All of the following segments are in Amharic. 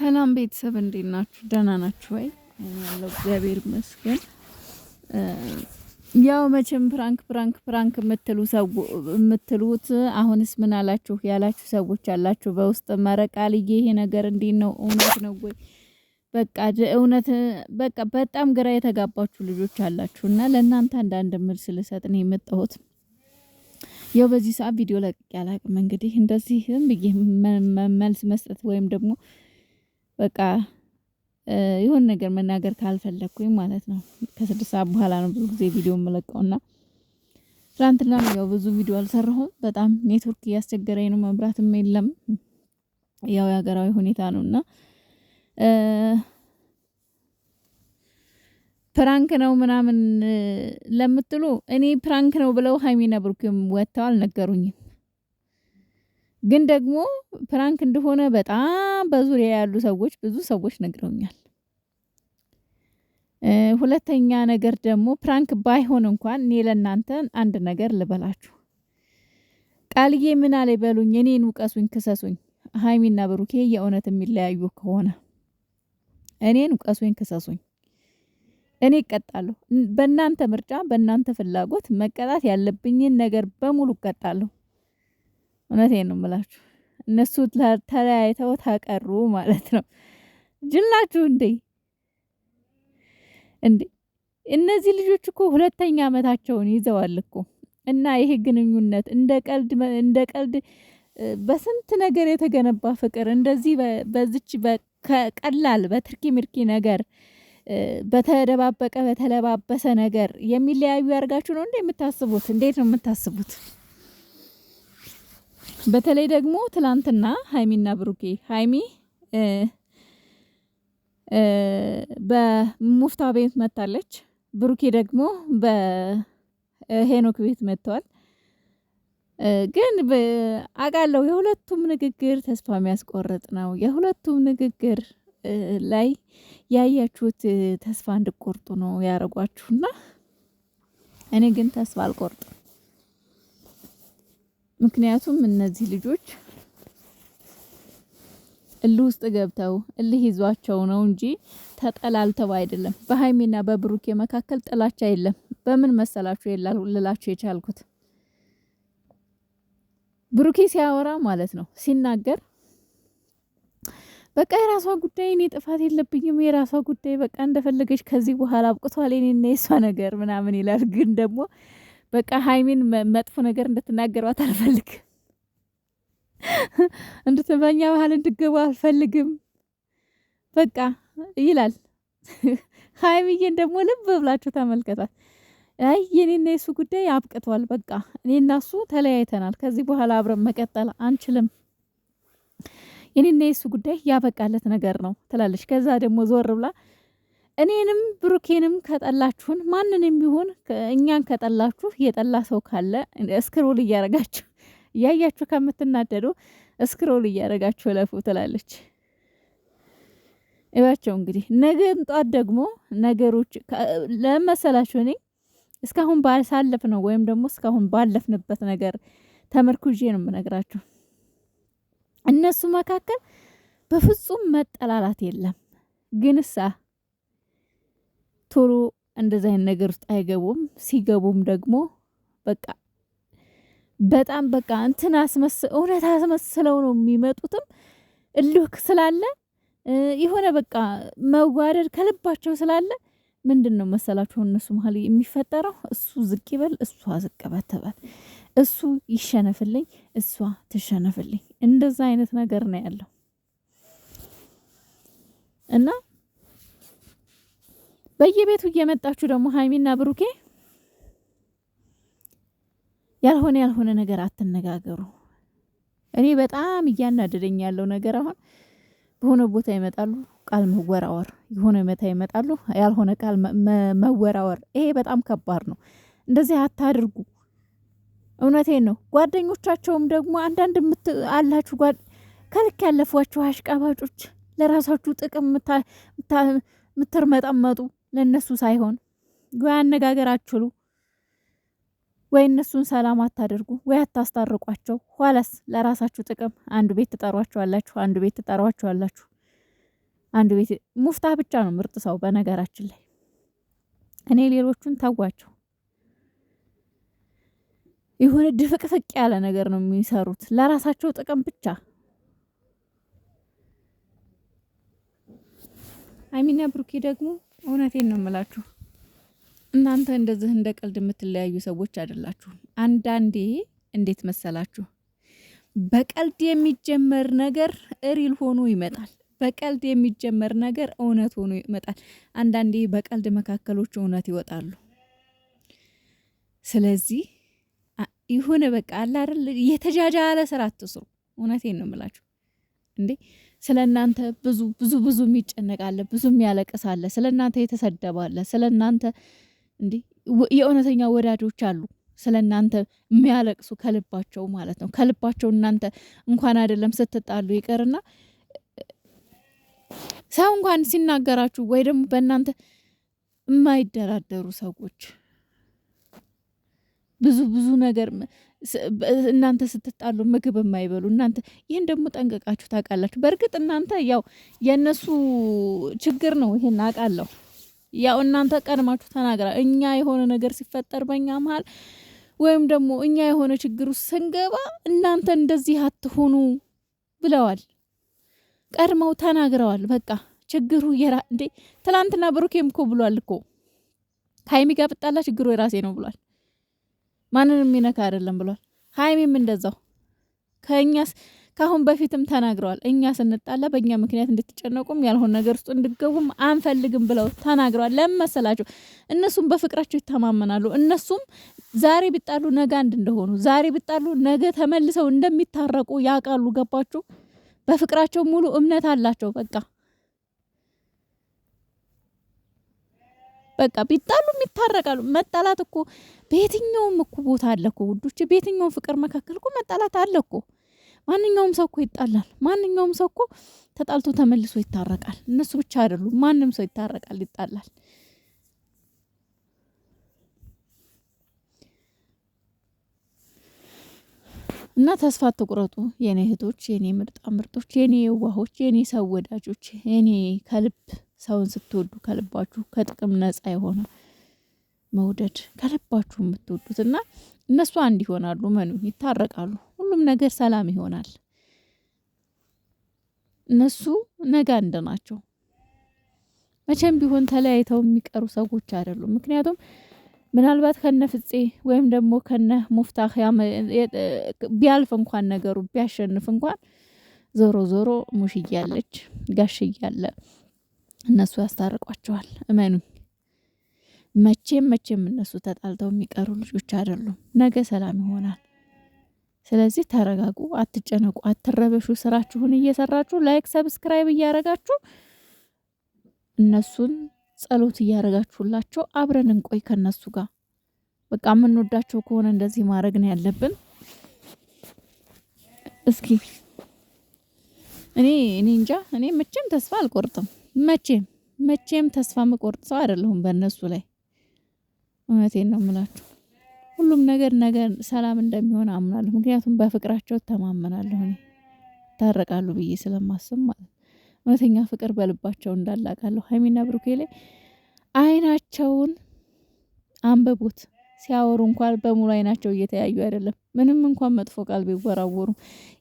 ሰላም ቤተሰብ እንዴት ናችሁ? ደህና ናችሁ ወይ? ያለው እግዚአብሔር ይመስገን። ያው መቼም ፕራንክ ፕራንክ ፕራንክ የምትሉ የምትሉት አሁንስ ምን አላችሁ ያላችሁ ሰዎች አላችሁ በውስጥ መረቃልዬ፣ ይሄ ነገር እንዴት ነው? እውነት ነው ወይ? በቃ እውነት በቃ በጣም ግራ የተጋባችሁ ልጆች አላችሁ እና ለእናንተ አንዳንድ መልስ ልሰጥ ነው የመጣሁት። ያው በዚህ ሰዓት ቪዲዮ ለቅቄ አላቅም። እንግዲህ እንደዚህም ብዬ መልስ መስጠት ወይም ደግሞ በቃ የሆነ ነገር መናገር ካልፈለኩኝ ማለት ነው። ከስድስት ሰዓት በኋላ ነው ብዙ ጊዜ ቪዲዮ የምለቀው እና ነው ያው ብዙ ቪዲዮ አልሰራሁም። በጣም ኔትወርክ እያስቸገረኝ ነው፣ መብራትም የለም። ያው የሀገራዊ ሁኔታ ነው እና ፕራንክ ነው ምናምን ለምትሉ እኔ ፕራንክ ነው ብለው ሀይሚና ብሩክም ወጥተው አልነገሩኝም። ግን ደግሞ ፕራንክ እንደሆነ በጣም በዙሪያ ያሉ ሰዎች ብዙ ሰዎች ነግረውኛል። ሁለተኛ ነገር ደግሞ ፕራንክ ባይሆን እንኳን እኔ ለእናንተ አንድ ነገር ልበላችሁ። ቃልዬ ምን አለ በሉኝ፣ እኔን ውቀሱኝ፣ ክሰሱኝ። ሀይሚና ብሩኬ የእውነት የሚለያዩ ከሆነ እኔን ውቀሱኝ፣ ክሰሱኝ፣ እኔ እቀጣለሁ። በእናንተ ምርጫ፣ በእናንተ ፍላጎት መቀጣት ያለብኝን ነገር በሙሉ እቀጣለሁ። እውነቴን ነው የምላችሁ። እነሱ ተለያይተው ተቀሩ ማለት ነው። ጅላችሁ እንዴ እንዴ! እነዚህ ልጆች እኮ ሁለተኛ ዓመታቸውን ይዘዋል እኮ እና ይሄ ግንኙነት እንደ ቀልድ እንደ ቀልድ በስንት ነገር የተገነባ ፍቅር እንደዚህ በዚች ቀላል በትርኪ ምርኪ ነገር በተደባበቀ በተለባበሰ ነገር የሚለያዩ ያርጋችሁ ነው እንዴ የምታስቡት? እንዴት ነው የምታስቡት? በተለይ ደግሞ ትላንትና ሀይሚና ብሩኬ ሀይሚ በሙፍታ ቤት መታለች፣ ብሩኬ ደግሞ በሄኖክ ቤት መጥተዋል። ግን አውቃለሁ የሁለቱም ንግግር ተስፋ የሚያስቆርጥ ነው። የሁለቱም ንግግር ላይ ያያችሁት ተስፋ እንድቆርጡ ነው ያደረጓችሁና እኔ ግን ተስፋ አልቆርጥም። ምክንያቱም እነዚህ ልጆች እልህ ውስጥ ገብተው እልህ ይዟቸው ነው እንጂ ተጠላልተው አይደለም። በሀይሚና በብሩኬ መካከል ጥላቻ የለም። በምን መሰላችሁ ልላችሁ የቻልኩት ብሩኬ ሲያወራ ማለት ነው ሲናገር በቃ የራሷ ጉዳይ፣ እኔ ጥፋት የለብኝም፣ የራሷ ጉዳይ፣ በቃ እንደፈለገች ከዚህ በኋላ አብቅቷል፣ እኔና የሷ ነገር ምናምን ይላል ግን ደግሞ በቃ ሀይሚን መጥፎ ነገር እንድትናገሯት አልፈልግም። እንድትበኛ ባህል እንድገቡ አልፈልግም። በቃ ይላል። ሀይሚዬን ደግሞ ልብ ብላችሁ ተመልከቷት። አይ የኔና የሱ ጉዳይ አብቅቷል። በቃ እኔና እሱ ተለያይተናል። ከዚህ በኋላ አብረን መቀጠል አንችልም። የኔና የሱ ጉዳይ ያበቃለት ነገር ነው ትላለች። ከዛ ደግሞ ዞር ብላ እኔንም ብሩኬንም ከጠላችሁን ማንንም ቢሆን እኛን ከጠላችሁ የጠላ ሰው ካለ እስክሮል እያረጋችሁ እያያችሁ ከምትናደዱ እስክሮል እያረጋችሁ ለፉ ትላለች። እባቸው እንግዲህ ነገ እንጧት ደግሞ ነገሮች ለመሰላችሁ እኔ እስካሁን ባሳለፍ ነው ወይም ደግሞ እስካሁን ባለፍንበት ነገር ተመርኩዤ ነው የምነግራችሁ። እነሱ መካከል በፍጹም መጠላላት የለም ግንሳ ቶሎ እንደዚህ አይነት ነገር ውስጥ አይገቡም። ሲገቡም ደግሞ በቃ በጣም በቃ እንትን እውነት አስመስለው ነው የሚመጡትም እልክ ስላለ የሆነ በቃ መዋደድ ከልባቸው ስላለ ምንድን ነው መሰላችሁ እነሱ መሀል የሚፈጠረው እሱ ዝቅ ይበል፣ እሷ ዝቅ በትበል፣ እሱ ይሸነፍልኝ፣ እሷ ትሸነፍልኝ፣ እንደዛ አይነት ነገር ነው ያለው እና በየቤቱ እየመጣችሁ ደግሞ ሀይሚና ብሩኬ ያልሆነ ያልሆነ ነገር አትነጋገሩ። እኔ በጣም እያናደደኝ ያለው ነገር አሁን በሆነ ቦታ ይመጣሉ፣ ቃል መወራወር፣ የሆነ መታ ይመጣሉ፣ ያልሆነ ቃል መወራወር። ይሄ በጣም ከባድ ነው። እንደዚህ አታድርጉ። እውነቴን ነው። ጓደኞቻቸውም ደግሞ አንዳንድ አላችሁ ከልክ ያለፏችሁ አሽቃባጮች፣ ለራሳችሁ ጥቅም ምትርመጠመጡ ለእነሱ ሳይሆን ወይ አነጋገር አትችሉ፣ ወይ እነሱን ሰላም አታደርጉ፣ ወይ አታስታርቋቸው። ኋላስ ለራሳችሁ ጥቅም አንዱ ቤት ትጠሯቸዋላችሁ፣ አንዱ ቤት ትጠሯቸዋላችሁ፣ አንዱ ቤት። ሙፍታ ብቻ ነው ምርጥ ሰው በነገራችን ላይ። እኔ ሌሎቹን ተጓቸው የሆነ ድፍቅፍቅ ያለ ነገር ነው የሚሰሩት ለራሳቸው ጥቅም ብቻ። አይሚና ብሩኬ ደግሞ እውነቴን ነው የምላችሁ። እናንተ እንደዚህ እንደ ቀልድ የምትለያዩ ሰዎች አይደላችሁም። አንዳንዴ እንዴት መሰላችሁ፣ በቀልድ የሚጀመር ነገር ሪል ሆኖ ይመጣል። በቀልድ የሚጀመር ነገር እውነት ሆኖ ይመጣል። አንዳንዴ በቀልድ መካከሎች እውነት ይወጣሉ። ስለዚህ ይሁን በቃ አለ አይደል፣ የተጃጃለ ስራ አትስሩ። እውነቴን ነው የምላችሁ እንዴ ስለ እናንተ ብዙ ብዙ ብዙ የሚጨነቃለ፣ ብዙ የሚያለቅሳለ፣ ስለ እናንተ የተሰደባለ፣ ስለ እናንተ እንዲህ የእውነተኛ ወዳጆች አሉ። ስለ እናንተ የሚያለቅሱ ከልባቸው ማለት ነው። ከልባቸው እናንተ እንኳን አይደለም ስትጣሉ ይቀርና ሰው እንኳን ሲናገራችሁ ወይ ደግሞ በእናንተ የማይደራደሩ ሰዎች ብዙ ብዙ ነገር እናንተ ስትጣሉ ምግብ የማይበሉ እናንተ ይህን ደግሞ ጠንቀቃችሁ ታውቃላችሁ። በእርግጥ እናንተ ያው የእነሱ ችግር ነው፣ ይሄን አውቃለሁ። ያው እናንተ ቀድማችሁ ተናግራ እኛ የሆነ ነገር ሲፈጠር በእኛ መሀል ወይም ደግሞ እኛ የሆነ ችግር ውስጥ ስንገባ እናንተ እንደዚህ አትሆኑ ብለዋል፣ ቀድመው ተናግረዋል። በቃ ችግሩ የራ እንዴ ትላንትና ብሩኬም እኮ ብሏል እኮ ከሀይሚ ጋር ብጣላ ችግሩ የራሴ ነው ብሏል። ማንንም የሚነካ አይደለም ብሏል። ሀይሚም እንደዛው ከእኛስ ከአሁን በፊትም ተናግረዋል። እኛ ስንጣላ በእኛ ምክንያት እንድትጨነቁም ያልሆን ነገር ውስጥ እንድገቡም አንፈልግም ብለው ተናግረዋል። ለመሰላቸው እነሱም በፍቅራቸው ይተማመናሉ። እነሱም ዛሬ ቢጣሉ ነገ አንድ እንደሆኑ፣ ዛሬ ቢጣሉ ነገ ተመልሰው እንደሚታረቁ ያውቃሉ። ገባችሁ? በፍቅራቸው ሙሉ እምነት አላቸው። በቃ በቃ ቢጣሉም ይታረቃሉ። መጣላት እኮ በየትኛውም እኮ ቦታ አለ እኮ ውዶች፣ በየትኛውም ፍቅር መካከል እኮ መጣላት አለ እኮ። ማንኛውም ሰው እኮ ይጣላል። ማንኛውም ሰው እኮ ተጣልቶ ተመልሶ ይታረቃል። እነሱ ብቻ አይደሉም፣ ማንም ሰው ይታረቃል፣ ይጣላል። እና ተስፋ አትቁረጡ የኔ እህቶች፣ የኔ ምርጣ ምርጦች፣ የኔ የዋሆች፣ የኔ ሰው ወዳጆች፣ የኔ ከልብ ሰውን ስትወዱ ከልባችሁ ከጥቅም ነጻ የሆነ መውደድ ከልባችሁ የምትወዱት እና እነሱ አንድ ይሆናሉ፣ መኑ ይታረቃሉ፣ ሁሉም ነገር ሰላም ይሆናል። እነሱ ነገ አንድ ናቸው። መቼም ቢሆን ተለያይተው የሚቀሩ ሰዎች አይደሉም። ምክንያቱም ምናልባት ከነ ፍፄ ወይም ደግሞ ከነ ሙፍታህ ቢያልፍ እንኳን ነገሩ ቢያሸንፍ እንኳን ዞሮ ዞሮ ሙሽ አለች ጋሽዬ እነሱ ያስታርቋቸዋል። እመኑኝ። መቼም መቼም እነሱ ተጣልተው የሚቀሩ ልጆች አይደሉም። ነገ ሰላም ይሆናል። ስለዚህ ተረጋጉ፣ አትጨነቁ፣ አትረበሹ። ስራችሁን እየሰራችሁ ላይክ፣ ሰብስክራይብ እያረጋችሁ እነሱን ጸሎት እያረጋችሁላቸው አብረን እንቆይ ከነሱ ጋር በቃ የምንወዳቸው ከሆነ እንደዚህ ማድረግ ነው ያለብን። እስኪ እኔ እኔ እንጃ እኔ መቼም ተስፋ አልቆርጥም። መቼም መቼም ተስፋ መቆርጥ ሰው አይደለሁም በእነሱ ላይ እውነቴን ነው የምላችሁ። ሁሉም ነገር ነገር ሰላም እንደሚሆን አምናለሁ። ምክንያቱም በፍቅራቸው ተማመናለሁ እኔ ይታረቃሉ ብዬ ስለማስብ ማለት ነው። እውነተኛ ፍቅር በልባቸው እንዳላቃለሁ። ሀይሚና ብሩኬ ላይ አይናቸውን አንብቡት። ሲያወሩ እንኳን በሙሉ አይናቸው እየተያዩ አይደለም። ምንም እንኳን መጥፎ ቃል ቢወራወሩ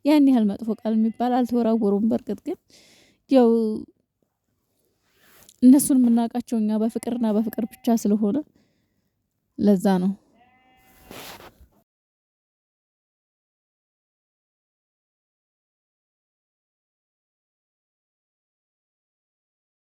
ያን ያህል መጥፎ ቃል የሚባል አልተወራወሩም። በእርግጥ ግን ያው እነሱን የምናውቃቸው እኛ በፍቅርና በፍቅር ብቻ ስለሆነ ለዛ ነው።